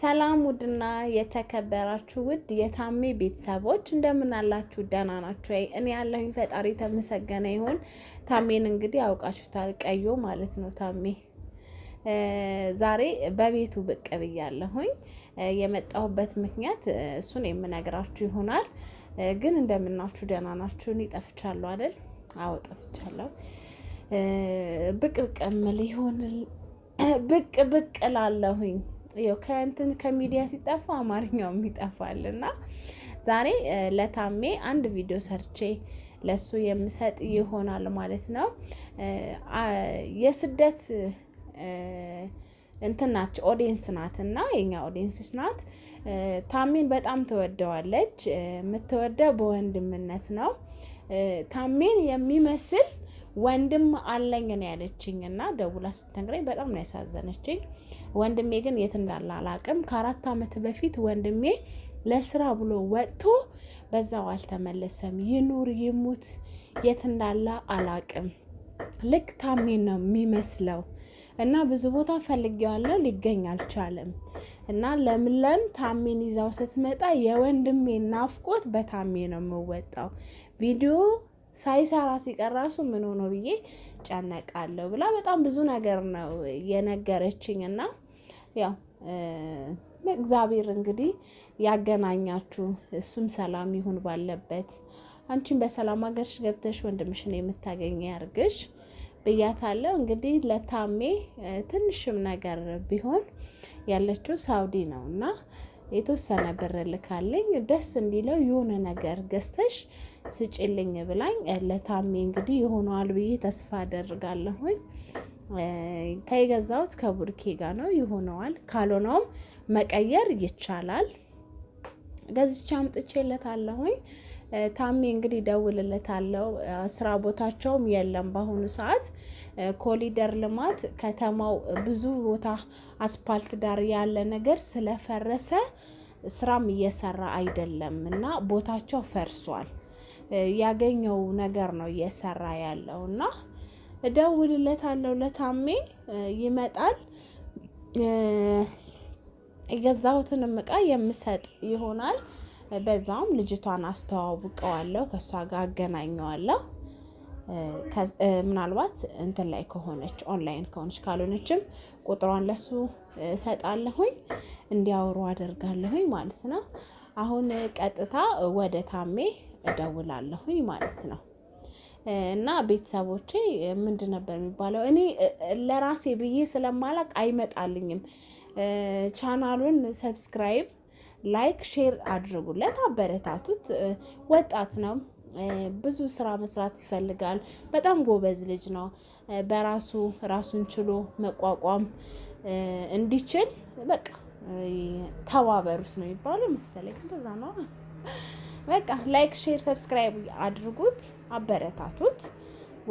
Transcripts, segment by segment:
ሰላም ውድና የተከበራችሁ ውድ የታሜ ቤተሰቦች እንደምን አላችሁ? ደህና ናችሁ ወይ? እኔ ያለሁኝ ፈጣሪ ተመሰገነ ይሁን። ታሜን እንግዲህ አውቃችሁታል፣ ቀዮ ማለት ነው። ታሜ ዛሬ በቤቱ ብቅ ብያለሁኝ። የመጣሁበት ምክንያት እሱን የምነግራችሁ ይሆናል። ግን እንደምናችሁ ደህና ናችሁ? እኔ ጠፍቻለሁ አይደል? አዎ ጠፍቻለሁ። ብቅ ብቅ እምል ይሆን ብቅ ብቅ ላለሁኝ ያው ከእንትን ከሚዲያ ሲጠፋ አማርኛውም ይጠፋል እና ዛሬ ለታሜ አንድ ቪዲዮ ሰርቼ ለሱ የምሰጥ ይሆናል ማለት ነው። የስደት እንትን ናቸው ኦዲንስ ናት እና የኛ ኦዲንስ ናት። ታሜን በጣም ትወደዋለች። የምትወደው በወንድምነት ነው። ታሜን የሚመስል ወንድም አለኝ ነው ያለችኝ እና ደውላ ስትነግረኝ በጣም ነው ያሳዘነችኝ። ወንድሜ ግን የት እንዳለ አላቅም። ከአራት ዓመት በፊት ወንድሜ ለስራ ብሎ ወጥቶ በዛው አልተመለሰም። ይኑር ይሙት የት እንዳለ አላቅም። ልክ ታሜን ነው የሚመስለው እና ብዙ ቦታ ፈልጌዋለሁ ሊገኝ አልቻለም። እና ለምለም ታሜን ይዛው ስትመጣ የወንድሜ ናፍቆት በታሜ ነው የምወጣው ቪዲዮ ሳይሰራ ሲቀር ራሱ ምን ሆኖ ብዬ ጨነቃለሁ ብላ በጣም ብዙ ነገር ነው የነገረችኝ። እና ያው እግዚአብሔር እንግዲህ ያገናኛችሁ፣ እሱም ሰላም ይሁን ባለበት፣ አንቺን በሰላም ሀገርሽ ገብተሽ ወንድምሽን የምታገኝ ያርግሽ ብያታለሁ። እንግዲህ ለታሜ ትንሽም ነገር ቢሆን ያለችው ሳውዲ ነው እና የተወሰነ ብር ልካለኝ ደስ እንዲለው የሆነ ነገር ገዝተሽ ስጭልኝ ብላኝ ለታሜ እንግዲህ ይሆነዋል ብዬ ተስፋ አደርጋለሁኝ። ከየገዛሁት ከቡርኬ ጋር ነው ይሆነዋል። ካልሆነውም መቀየር ይቻላል። ገዝቼ አምጥቼለታለሁኝ። ታሜ እንግዲህ አለው ስራ ቦታቸውም የለም በአሁኑ ሰዓት ኮሊደር ልማት ከተማው ብዙ ቦታ አስፓልት ዳር ያለ ነገር ስለፈረሰ ስራም እየሰራ አይደለም እና ቦታቸው ፈርሷል። ያገኘው ነገር ነው እየሰራ ያለው እና እደውልለታለሁ ለታሜ ይመጣል። የገዛሁትንም እቃ የምሰጥ ይሆናል። በዛም ልጅቷን አስተዋውቀዋለሁ፣ ከእሷ ጋር አገናኘዋለሁ። ምናልባት እንትን ላይ ከሆነች ኦንላይን ከሆነች ካልሆነችም ቁጥሯን ለሱ እሰጣለሁኝ እንዲያወሩ አደርጋለሁኝ ማለት ነው። አሁን ቀጥታ ወደ ታሜ እደውላለሁኝ ማለት ነው። እና ቤተሰቦቼ ምንድን ነበር የሚባለው? እኔ ለራሴ ብዬ ስለማላቅ አይመጣልኝም። ቻናሉን ሰብስክራይብ ላይክ ሼር አድርጉለት፣ አበረታቱት። ወጣት ነው፣ ብዙ ስራ መስራት ይፈልጋል። በጣም ጎበዝ ልጅ ነው። በራሱ ራሱን ችሎ መቋቋም እንዲችል በቃ ተባበሩት ነው የሚባለው መሰለኝ፣ እንደዛ ነው። በቃ ላይክ ሼር ሰብስክራይብ አድርጉት፣ አበረታቱት።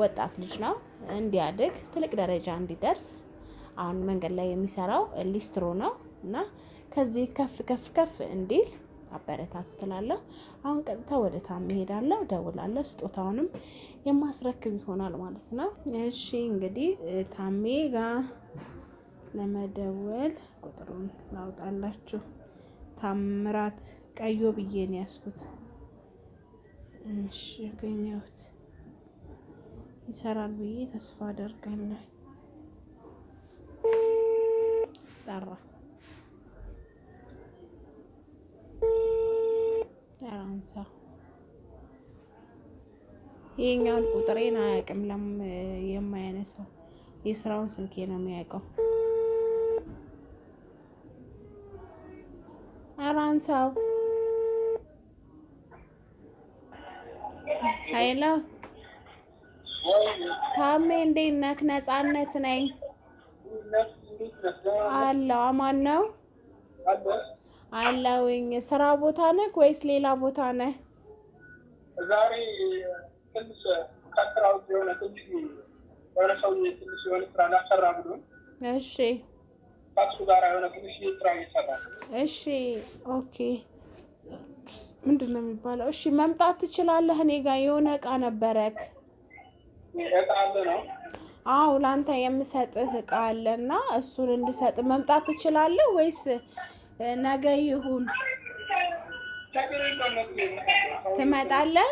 ወጣት ልጅ ነው፣ እንዲያድግ ትልቅ ደረጃ እንዲደርስ። አሁን መንገድ ላይ የሚሰራው ሊስትሮ ነው እና ከዚህ ከፍ ከፍ ከፍ እንዲል አበረታቱ ትላለሁ። አሁን ቀጥታ ወደ ታም ይሄዳለሁ፣ ደውላለሁ፣ ስጦታውንም የማስረክብ ይሆናል ማለት ነው። እሺ እንግዲህ ታሜ ጋር ለመደወል ቁጥሩን ላውጣላችሁ። ታምራት ቀዮ ብዬን ያስኩት እሺ ይሰራል ብዬ ተስፋ አደርጋለሁ። ጠራ እንደዛ ይሄኛውን ቁጥሬን አያውቅም። ለም የማያነሳው የስራውን ስልኬ ነው የሚያውቀው። አራንሳው ሀይላ ታሜ እንዴት ነህ? ነፃነት ነኝ አለው። አማን ነው አለውኝ። ስራ ቦታ ነህ ወይስ ሌላ ቦታ ነህ? ዛሬ ትንሽ ከስራው የሆነ ትንሽ የሆነ ሰው ትንሽ የሆነ ስራ ላሰራ ብሎ እሺ፣ ከሱ ጋር የሆነ ትንሽ ስራ እየሰራ እሺ፣ ኦኬ ምንድን ነው የሚባለው? እሺ፣ መምጣት ትችላለህ? እኔ ጋር የሆነ እቃ ነበረክ። እቃ ነው? አዎ፣ ለአንተ የምሰጥህ እቃ አለ እና እሱን እንድሰጥ መምጣት ትችላለህ ወይስ ነገ ይሁን ትመጣለህ?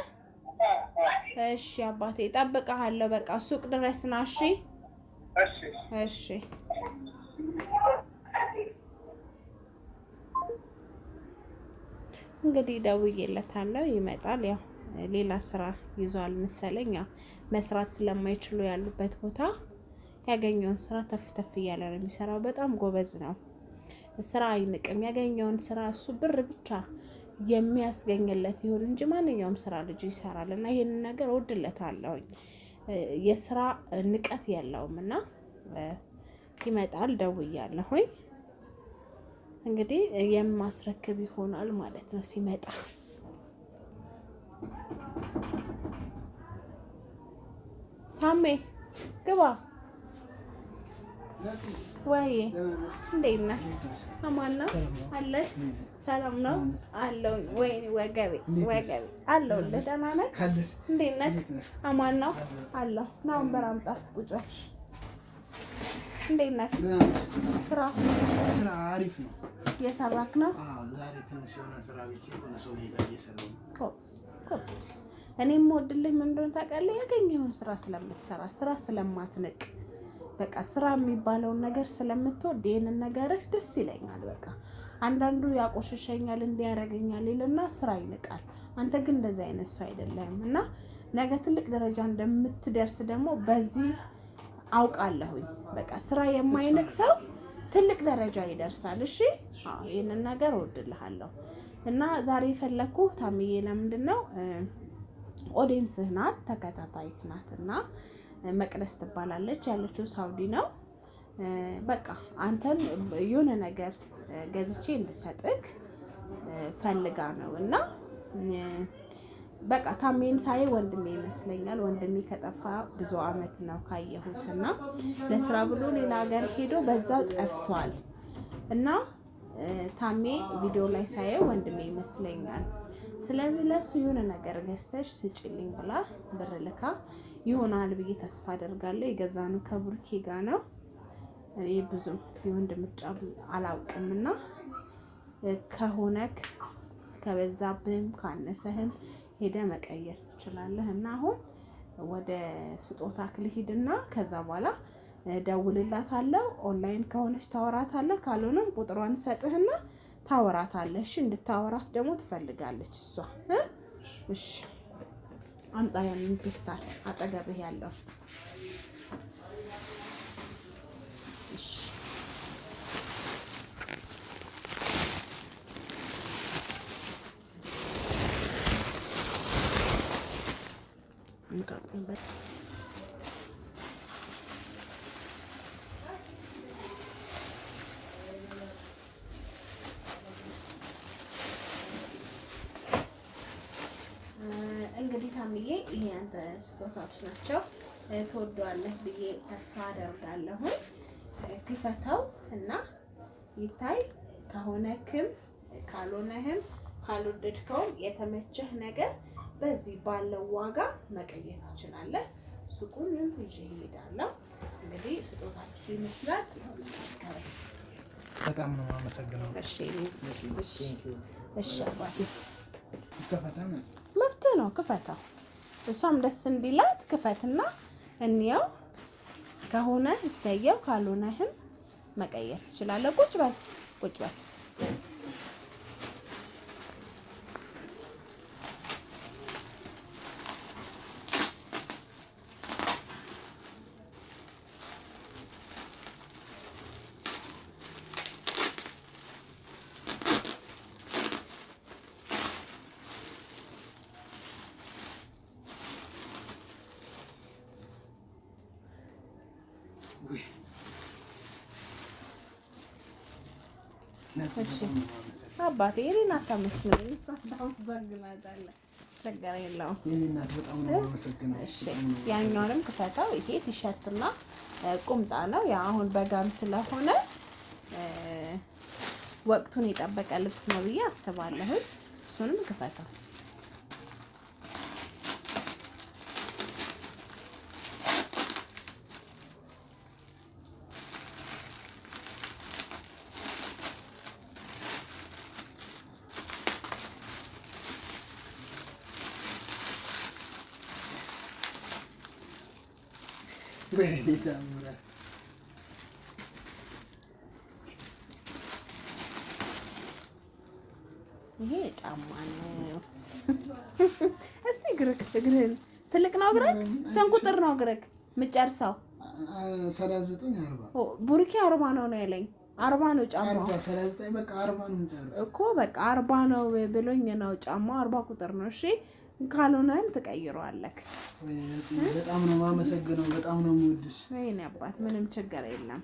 እሺ አባቴ እጠብቅሃለሁ። በቃ ሱቅ ድረስ ና። እሺ እሺ። እንግዲህ ደውዬለታለሁ፣ ይመጣል። ያው ሌላ ስራ ይዟል መሰለኝ። ያው መስራት ስለማይችሉ ያሉበት ቦታ ያገኘውን ስራ ተፍተፍ እያለ ነው የሚሰራው። በጣም ጎበዝ ነው። ስራ አይንቅም። ያገኘውን ስራ እሱ ብር ብቻ የሚያስገኝለት ይሁን እንጂ ማንኛውም ስራ ልጁ ይሰራል እና ይህንን ነገር ወድለት አለውኝ የስራ ንቀት የለውም እና ይመጣል ደውያለሁኝ። እንግዲህ የማስረክብ ይሆናል ማለት ነው ሲመጣ ታሜ ግባ ወይ እንዴት ነህ? አማን ነው አለሽ? ሰላም ነው አለው። ወይኔ ወገቤ ወገቤ አለሁልህ። ደህና ነህ? እንዴት ነህ? አማን ነው አለሁ። ና ወንበር አምጣ እስኪ ቁጭ በል። እንዴት ነህ? ስራ ስራ አሪፍ ነው። እየሰራክ ነው? ዛሬ ትንሽ የሆነ ስራ ብቻ የሆነ ሰው ሄዳ እየሰራሁ ነው። እኔም ወድልህ ምን እንደሆነ ታውቃለህ? ያገኘኸውን ስራ ስለምትሰራ ስራ ስለማትንቅ በቃ ስራ የሚባለውን ነገር ስለምትወድ ይህንን ነገርህ ደስ ይለኛል። በቃ አንዳንዱ ያቆሸሸኛል እንዲያረገኛል ይልና ስራ ይንቃል። አንተ ግን እንደዚህ አይነት ሰው አይደለም እና ነገ ትልቅ ደረጃ እንደምትደርስ ደግሞ በዚህ አውቃለሁኝ። በቃ ስራ የማይንቅ ሰው ትልቅ ደረጃ ይደርሳል። እሺ ይህንን ነገር እወድልሃለሁ እና ዛሬ የፈለግኩ ታምዬ ለምንድን ነው ኦዲየንስህ ናት ተከታታይህ ናት እና መቅደስ ትባላለች ያለችው ሳውዲ ነው። በቃ አንተም የሆነ ነገር ገዝቼ እንድሰጥክ ፈልጋ ነው እና በቃ ታሜን ሳይ ወንድሜ ይመስለኛል። ወንድሜ ከጠፋ ብዙ አመት ነው ካየሁት እና ለስራ ብሎ ሌላ ሀገር ሄዶ በዛው ጠፍቷል እና ታሜ ቪዲዮ ላይ ሳየው ወንድሜ ይመስለኛል። ስለዚህ ለሱ የሆነ ነገር ገዝተሽ ስጭልኝ ብላ ብር ልካ ይሆናል ብዬ ተስፋ አደርጋለሁ። ነው ከብሩኬ ጋ ነው። እኔ ብዙም የወንድ ምርጫ አላውቅምና ከሆነክ ከበዛብህም ካነሰህም ሄደ መቀየር ትችላለህ እና አሁን ወደ ስጦታ ክልሂድና ከዛ በኋላ ደውልላታለሁ። ኦንላይን ከሆነች ታወራታለህ፣ ካልሆነም ቁጥሯን ሰጥህና ታወራታለህ። እሺ እንድታወራት ደግሞ ትፈልጋለች እሷ። እሺ አምጣ ያንን ፔስታል አጠገብህ ያለው እንቀጥልበት ሀይሚዬ ይሄ አንተ ስጦታዎች ናቸው። ትወደዋለህ ብዬ ተስፋ አደርጋለሁ። ክፈተው እና ይታይ። ከሆነክም ካልሆነህም ካልወደድከውም የተመቸህ ነገር በዚህ ባለው ዋጋ መቀየር ትችላለህ። ሱቁንም ይዤ እሄዳለሁ። እንግዲህ ስጦታችሁ ይመስላል። በጣም ነው የማመሰግነው። እሺ እሺ፣ መብትህ ነው፣ ክፈተው እሷም ደስ እንዲላት ክፈትና እንየው። ከሆነ እሰየው፣ ካልሆነህም መቀየር ትችላለህ። ቁጭ በል ቁጭ በል አባቴ የለውም። ያኛውንም ክፈተው። ይሄ ቁምጣ ነው። አሁን በጋም ስለሆነ ወቅቱን የጠበቀ ልብስ ነው ብዬ አስባለሁ። እሱንም ክፈተው። ይሄ ጫማ ነው። እስቲ እግርህ እግርህን ትልቅ ነው እግርህ። ስንት ቁጥር ነው እግርህ የምጨርሰው? ቡርኪ አርባ ነው ነው ያለኝ። አርባ ነው ጫማው እኮ በቃ አርባ ነው ብሎኝ ነው ጫማው አርባ ቁጥር ነው። እሺ ካልሆነም ትቀይረዋለክ። በጣም ነው የማመሰግነው። በጣም ነው የምወድሽ። ወይኔ አባት ምንም ችግር የለም።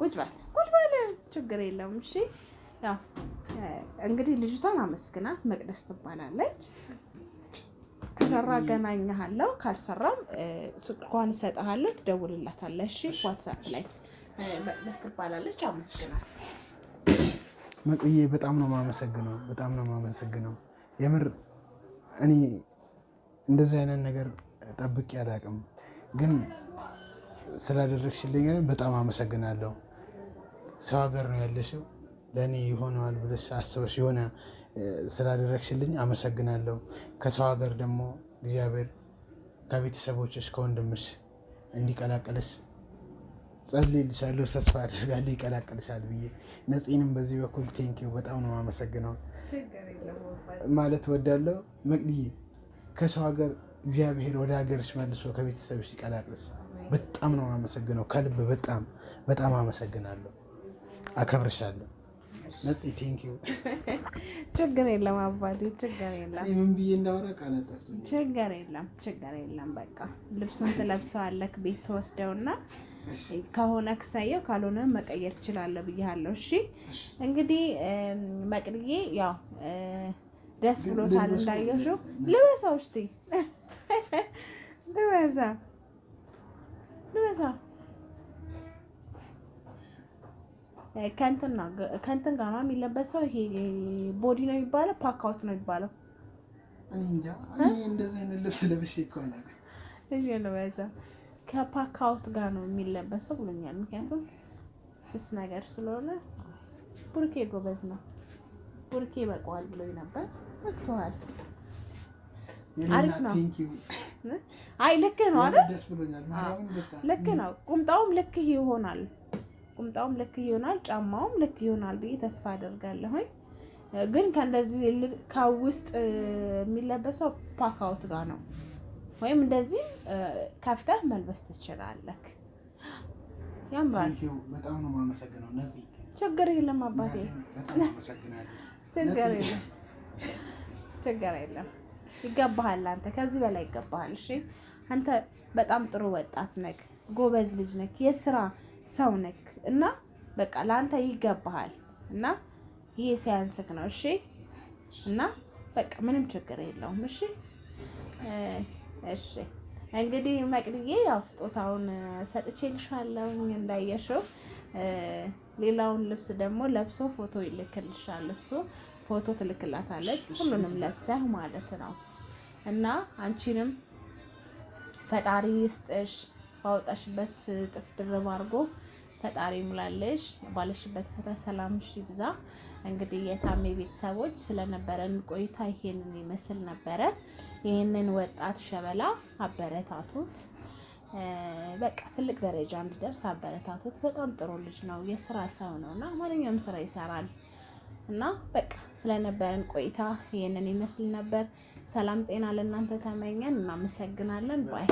ቁጭ በል ቁጭ በል፣ ችግር የለውም። እሺ ያው እንግዲህ ልጅቷን አመስግናት። መቅደስ ትባላለች። ከሰራ ገናኛሃለሁ፣ ካልሰራም ስልኳን እሰጥሃለሁ፣ ትደውልላታለህ። እሺ ዋትሳፕ ላይ መቅደስ ትባላለች፣ አመስግናት። መቅዬ በጣም ነው የማመሰግነው። በጣም ነው የማመሰግነው የምር እኔ እንደዚህ አይነት ነገር ጠብቄ አላውቅም፣ ግን ስላደረግሽልኝ በጣም አመሰግናለሁ። ሰው ሀገር ነው ያለሽው፣ ለእኔ ይሆነዋል ብለሽ አስበሽ የሆነ ስላደረግሽልኝ አመሰግናለሁ። ከሰው ሀገር ደግሞ እግዚአብሔር ከቤተሰቦችሽ ከወንድምሽ እንዲቀላቀልሽ ጸልይልሻለሁ፣ ተስፋ አድርጋለሁ ይቀላቀልሻል ብዬ ነፂንም በዚህ በኩል ቴንኪው በጣም ነው የማመሰግነው ማለት ወዳለው መቅድዬ ከሰው ሀገር እግዚአብሔር ወደ ሀገርሽ መልሶ ከቤተሰብሽ ይቀላቅልሽ። በጣም ነው የማመሰግነው ከልብ በጣም በጣም አመሰግናለሁ፣ አከብርሻለሁ። ነፂ ቴንኪው። ችግር የለም አባቴ፣ ችግር የለም። ምን ብዬ እንዳወራ ችግር የለም፣ ችግር የለም። በቃ ልብሱን ትለብሰዋለክ ቤት ተወስደውና ከሆነ ክሳየው ካልሆነ መቀየር ትችላለህ ብያለሁ። እሺ እንግዲህ መቅድዬ ያው ደስ ብሎታል እንዳየሽው። ልበሳው እስቲ ልበሳ ልበሳ ከእንትን ጋር ነው የሚለበሰው። ይሄ ቦዲ ነው የሚባለው፣ ፓካውት ነው የሚባለው። እንደዚህ አይነት ልብስ ለብሼ ይኮናል። እሺ ልበሳ ከፓካውት ጋር ነው የሚለበሰው ብሎኛል። ምክንያቱም ስስ ነገር ስለሆነ ቡርኬ ጎበዝ ነው። ቡርኬ በቀዋል ብሎኝ ነበር። በቅተዋል። አሪፍ ነው። አይ ልክ ነው አይደል? ልክ ነው። ቁምጣውም ልክ ይሆናል። ቁምጣውም ልክ ይሆናል። ጫማውም ልክ ይሆናል ብዬ ተስፋ አደርጋለሁኝ። ግን ከእንደዚህ ከውስጥ የሚለበሰው ፓካውት ጋር ነው ወይም እንደዚህ ከፍተህ መልበስ ትችላለህ። ያምራል። በጣም ነው የማመሰግነው። ችግር የለም አባቴ፣ ችግር የለም፣ ችግር የለም። ይገባሃል። አንተ ከዚህ በላይ ይገባሃል። እሺ፣ አንተ በጣም ጥሩ ወጣት ነክ ጎበዝ ልጅ ነክ፣ የስራ ሰው ነክ እና በቃ ለአንተ ይገባሃል እና ይሄ ሲያንስክ ነው። እሺ እና በቃ ምንም ችግር የለውም። እሺ እሺ እንግዲህ መቅድዬ ያው ስጦታውን ሰጥቼልሻለሁ እንዳየሽው። ሌላውን ልብስ ደግሞ ለብሶ ፎቶ ይልክልሻል። እሱ ፎቶ ትልክላታለች ሁሉንም ለብሰህ ማለት ነው። እና አንቺንም ፈጣሪ ይስጥሽ ባወጣሽበት ጥፍ ድርብ አድርጎ ፈጣሪ ሙላለሽ ባለሽበት ቦታ ሰላምሽ ይብዛ። እንግዲህ የታሜ ቤተሰቦች ስለነበረን ቆይታ ይሄንን ይመስል ነበረ። ይህንን ወጣት ሸበላ አበረታቱት፣ በቃ ትልቅ ደረጃ እንዲደርስ አበረታቱት። በጣም ጥሩ ልጅ ነው፣ የስራ ሰው ነው እና ማንኛውም ስራ ይሰራል እና በቃ ስለነበረን ቆይታ ይህንን ይመስል ነበር። ሰላም ጤና ለእናንተ ተመኘን። እናመሰግናለን ባይ